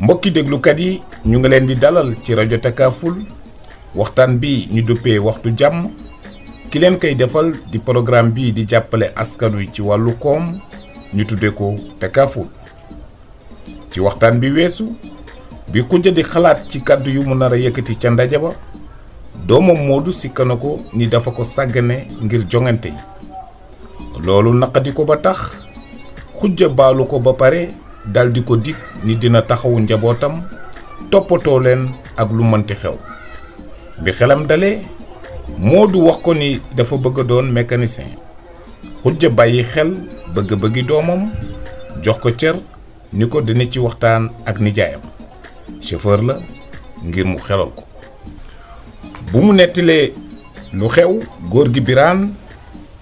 mbokki déglukat yi ñu ngi leen di dalal ci rajo takkaaful waxtaan bi ñu duppee waxtu jàmm ki leen koy defal di programme bii di jàppale askan wi ci wàllu koom ñu tudde ko Takaful ci waxtaan bi weesu bi kunja di xalaat ci kàddu yu mu nar a yëkkati ca ndaje ba doomam Moodu sikka na ko ni dafa ko sàggane ngir joŋante yi loolu naqadi ko ba tax xujja baalu ko ba pare daldi ko dig ni dina taxawu njabootam toppatoo leen ak lu mënti xew bi xelam dale moo du wax ko ni dafa bëgg a doon mécanicien xujja bàyyi xel bëgg-bëggi doomam jox ko cër ni ko dina ci waxtaan ak nijaayam chauffeur la ngir mu xelal ko bu mu nettilee lu xew góor gi biraan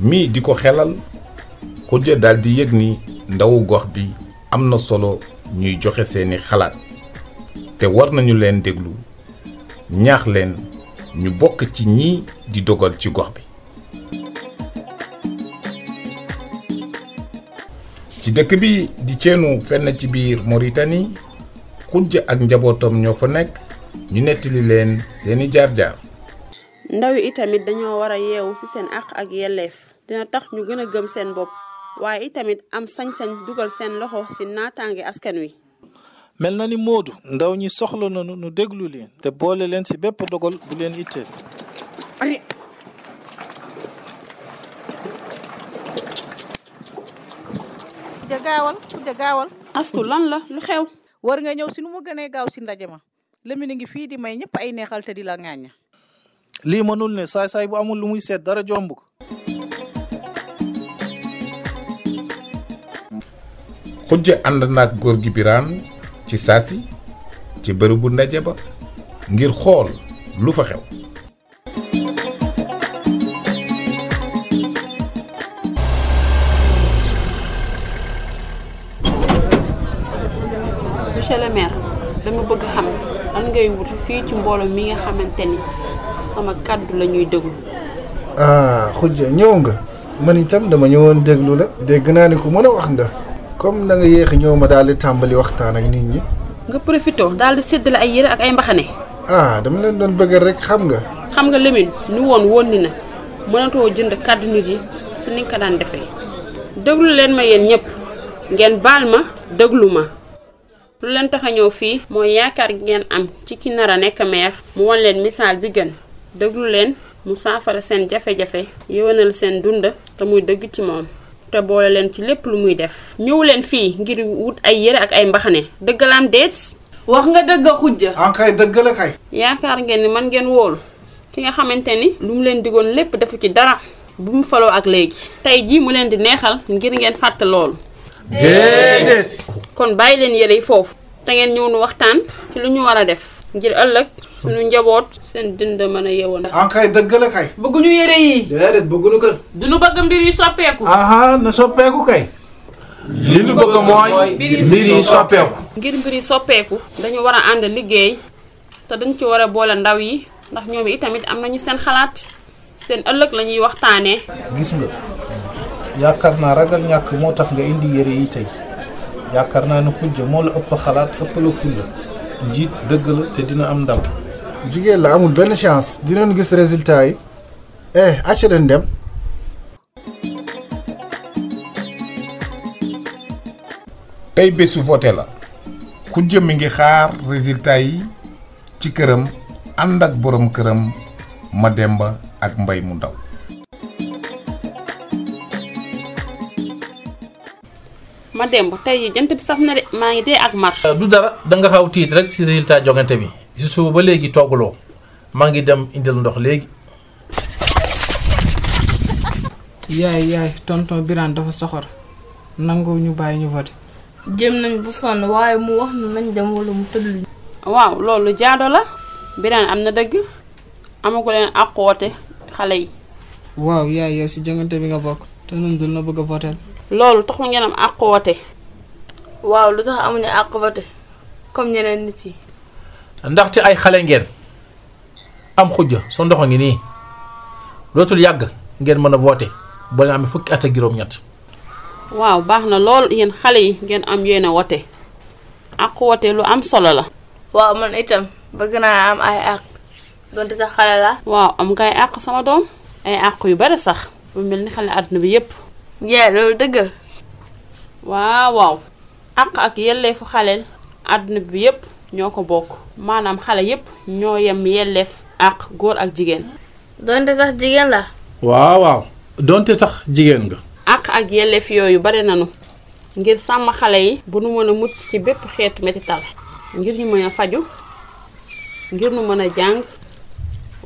mii di ko xelal xujja dal di yëg ni ndawu gox bi am na solo ñuy joxe seeni xalaat te war nañu leen déglu ñax leen ñu bokk ci ñi di dogal ci gox bi ci dëkk bi di ceenu fenn ci biir Mauritanie xujj ak njabootam ñoo fa nekk ñu nettali leen seeni jaar-jaar ndaw yi itamit dañoo war a yeewu ci seen àq ak yelleef dina tax ñu gën a gëm seen bopp waaye itamit am sañ-sañ dugal seen loxo si naataange askan wi. mel na ni Moodu ndaw ñi soxla na nu déglu leen te boole leen si bépp dogal bu leen itteel. ja gaawal ja gaawal. lan la lu xew. war nga ñëw si nu mu gënee gaaw si ndaje ma Lamine ngi fii di may ñëpp ay neexal te di la ŋaaña. lii mënul ne saay saay bu amul lu muy seet dara jomb ko xujj ànd naag góor gi biraan ci saasi ci bërëbu ndaje ba ngir xool lu fa xew monsieur le maire dama bëgg xam lan ngay wut fii ci mbooloo mi nga xamante ni sama kàddu la ñuy déglu ah, ñëw nga man dama ñëwoon déglu la dégg naa ni ku mën a wax nga comme na yéex a ñëw ma daal tàmbali waxtaan ak nit ñi. nga profité daal di séddale ay yére ak ay mbaxane. ah dama leen doon bëgg rek xam nga. xam nga lemin ni woon woon ni na mënatoo jënd kàddu ji su ni ko daan defee déglu leen ma yéen ñëpp ngeen baal ma déglu ma. lu leen tax a ñëw fii mooy yaakaar gi ngeen am ci ki nar a nekk maire mu won leen misaal bi gën déglu leen mu saafara seen jafe-jafe yéwénal seen dund te muy dëgg ci moom. te boole leen ci lépp lu muy def ñëw leen fii ngir wut ay yére ak ay mbaxane dëggalaam deet wax nga dëgg xujja an ah, kay dëgg yaakaar ngeen ni man ngeen woolu ki nga xamante ni lu mu leen digoon lépp defu ci dara bu mu faloo ak léegi tey jii mu leen di neexal ngir ngeen fàtte loolu déedéet kon bàyyi leen yére yi foofu te ngeen ñëw nu waxtaan ci lu ñu war a def ngir ëllëg sunu njaboot seen dënd mën a yewoon ah kay dëgg la kay bëgguñu yére yi déedéet bëgguñu kër duñu bëgg mbir yi soppeeku aha ah, na soppeeku mbir yi soppeeku ngir mbir yi soppeeku dañu war a ànd liggéey te dañ ci war a boole ndaw yi ndax ñoom itamit am nañu seen xalaat seen ëllëg lañuy ñuy waxtaanee gis nga yaakaar naa ragal ñàkk moo tax nga indi yére yi tey yaakaar naa ne xujja moo la ëpp xalaat ëpp la fulla njiit dëgg te dina am ndam jigéen la amul benn chance dinañ gis résultat yi eh acca leen dem. tey bésu voté la ku jëmmi ngi xaar résultat yi ci këram ànd ak borom këram demba ak Mbay mu ndaw. Mademba tey jant bi saf na de maa ngi dee ak mar. du dara da nga xaw tiit rek ci résultat joŋante bi. si suba ba léegi toggaloo maa ngi dem indil ndox léegi. yaay yaay tonton Birane dafa soxor nangu ñu bàyyi ñu vote. jëm nañ bu sonn waaye mu wax nañ dem wala mu tëdd. waaw loolu jaado la Birane am na dëgg amagu leen ak woote xale yi. waaw yaay yow si jongante bi nga bokk te ñun dul na bëgg a voté. loolu taxul ngeen am ak waaw lu tax amuñu ak vote comme ñeneen nit yi. ndaxte ay xale ngeen am xujja sa ndoxo ngi nii lootul yàgg ngeen mën a woote ba leen amee fukki at ak juróom-ñett. waaw baax na lool yéen xale yi ngeen am yéen a wote ak wote lu am solo la. waaw man itam bëgg naa am ay àq donte sax xale la. waaw am ngay àq sama doom ay àq yu bari sax bu mel ni xale àdduna bi yépp. yaa loolu dëgg waaw waaw àq ak yelleefu xale àdduna bi yépp. ñoo ko bokk maanaam xale yépp ñoo yem yelleef àq góor ak jigéen. donte sax jigéen la. waaw waaw donte sax jigéen nga. ak ak yelleef yooyu bare nañu ngir sàmm xale yi. bu nu mën mucc ci bépp xeetu métital ngir ñu mën a faju ngir ñu mën a jàng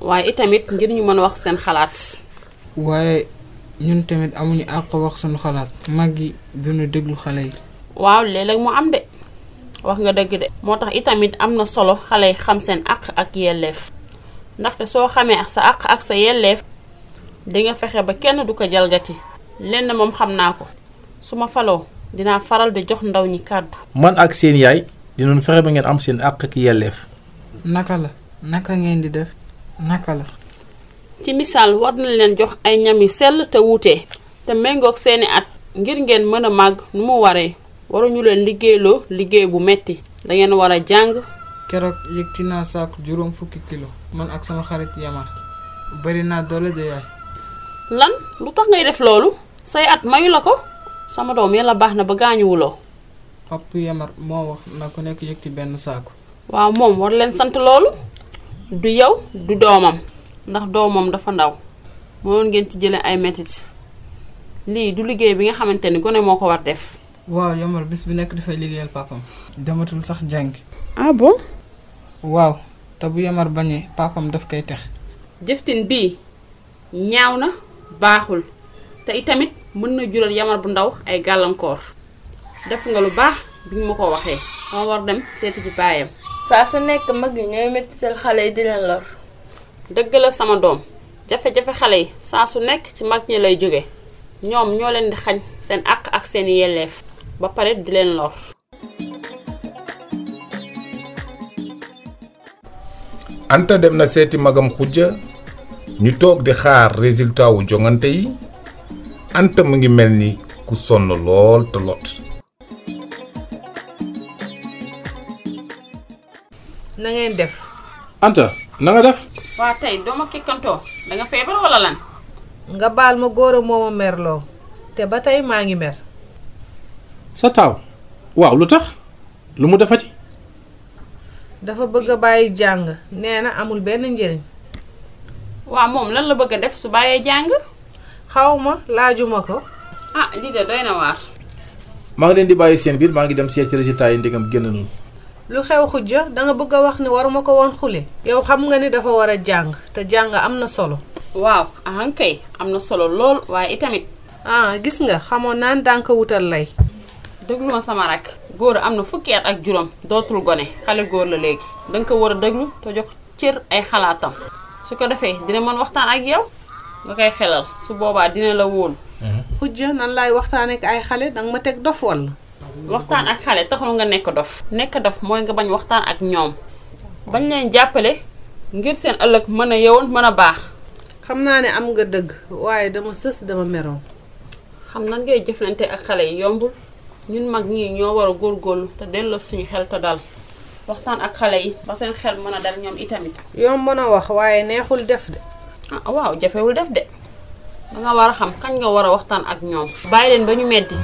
waaye itamit ngir ñu mën a wax seen xalaat. waaye ñun tamit amuñu àq wax sunu xalaat. mag yi duñu déglu xale yi. waaw léeg mu am de. wax nga dégg de moo tax itamit am na solo xale xam seen àq ak yelleef ndaxte soo xamee sa àq ak sa yelleef di nga fexe ba kenn du ko jalgati lenn moom xam naa ko su ma faloo dinaa faral di jox ndaw ñi kàddu. man ak seen yaay dinañ fexe ba ngeen am seen àq ak yelleef. naka la naka ngeen di def naka la. ci misaal war na leen jox ay ñam yi sell te wuute te méngoog seeni at ngir ngeen mën a màgg nu mu waree. waruñu leen liggéeyloo liggéey bu metti da ngeen war a jàng. keroog yëgti naa saako juróom fukki kilo man ak sama xarit yamar bari naa doole de yaay. lan lu tax ngay def loolu say at mayu la ko sama doom yàlla baax na ba gaañuwuloo. papp yamar moo wax na ku nekk ci benn saako. waaw moom war leen sant loolu du yow du doomam ndax doomam dafa ndaw mënoon ngeen ci jëlee ay métit lii du liggéey bi nga xamante ni gone moo ko war def. waaw Yamar bis bu nekk dafay liggéeyal papam dematul sax jàng. ah bon. waaw te bu Yamar bañee papam daf koy tex. jëftin bii ñaaw na baaxul te itamit mën na jural Yamar bu ndaw ay gàllankoor. def nga lu baax bi ñu ma ko waxee. moo war dem seeti ji baayam. saa su nekk mag yi ñooy mettital xale yi di leen dëgg la sama doom jafe-jafe xale yi saa su nekk ci mag ñi lay jóge ñoom ñoo leen di xañ seen àq ak seen yelleef. ba pare leen lor. Anta dem na seeti magam xujja ñu toog di xaar résultat wu joŋante yi Anta mu ngi mel ni ku sonn lool te lot. na ngeen def. Anta na nga def. waa tey doo ma kekkantoo da nga feebar wala lan. nga baal ma góor a mooma merloo te ba tey maa ngi mer. sa taaw waaw lu tax lu mu defati. dafa bëgg a bàyyi jàng nee na amul benn njëriñ. waaw moom lan la bëgg a def su bàyyee jàng. xaw ma laajuma ko. ah lii de doy na waar. maa ngi leen di bàyyi seen biir maa ngi dem seeti résultat yi ndegam génn nañu. lu xew xujja da nga bëgg a wax ni waruma ko woon xule. yow xam nga ni dafa war a jàng te jàng am na solo. waaw ahan kay am na solo lool waaye itamit. Ah, gis nga xamoon naan daan ko wutal lay. déglu ma sama rakk góor am na fukki at ak juróom dootul gone xale góor la léegi da ko war a déglu te jox cër ay xalaatam su ko defee dina mën waxtaan ak yow nga koy xelal su boobaa dina la woon mhm. xujja nan laay waxtaan ak ay xale danga ma teg dofoon walla. waxtaan ak xale taxul nga nekk dof. nekk dof mooy nga bañ waxtaan ak ñoom bañ lay jàppale ngir seen ëllëg mën a yewoon mën a baax. xam naa ne am nga dëgg waaye dama sës dama meroon. xam nan ngay jëflante ak xale yi yombul. ñun mag ñi ñoo war a góor góorgóorlu te delloo suñu xel te dal waxtaan ak xale yi ba seen xel mën a dal ñoom itamit. yoo mën a wax waaye neexul def de. Ah, waaw jafewul def de danga war a xam kañ nga war a waxtaan ak ñoom. bàyyi leen ba ñu meddi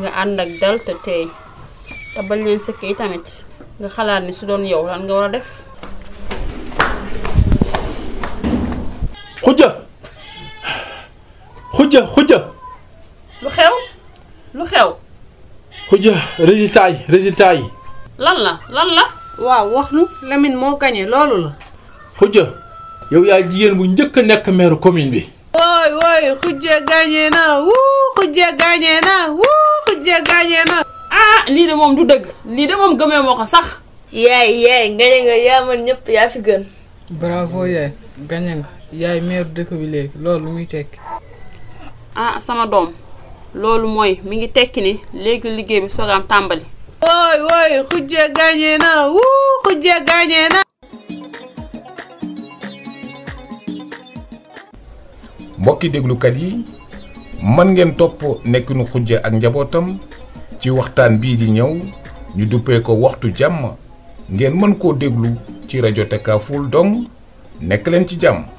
nga ànd ak dal te teey te leen sëkkee itamit nga xalaat ni su doon yow lan nga war a def. xujja xujja xujja. lu xew lu xew. xujja résultat yi résultat yi. lan la lan la. waaw wax nu Lamine moo gañe loolu la. xujja yow yaa jigéen bu njëkk nekk meru commune bi. wooy wooy xujja gañe na wuu xujja gañe na ah lii de moom du dëgg. lii de moom gëmee moo ko sax. yaay yaay gañe nga yaa man ñëpp yaa fi gën. bravo yaay gañe nga yaay maire dëkk bi léegi loolu lu muy tekki. ah sama doom. loolu mooy mi ngi tekki ni léegi liggéey bi soogaam tàmbali. wooy wooy xujje gaañee na wuu xujje gaañee na. mbokki déglukat yi mën ngeen topp nekkinu xujje ak njabootam ci waxtaan bii di ñëw ñu duppe ko waxtu jàmm ngeen mën koo déglu ci rajo Takaful dong nekk leen ci jàmm.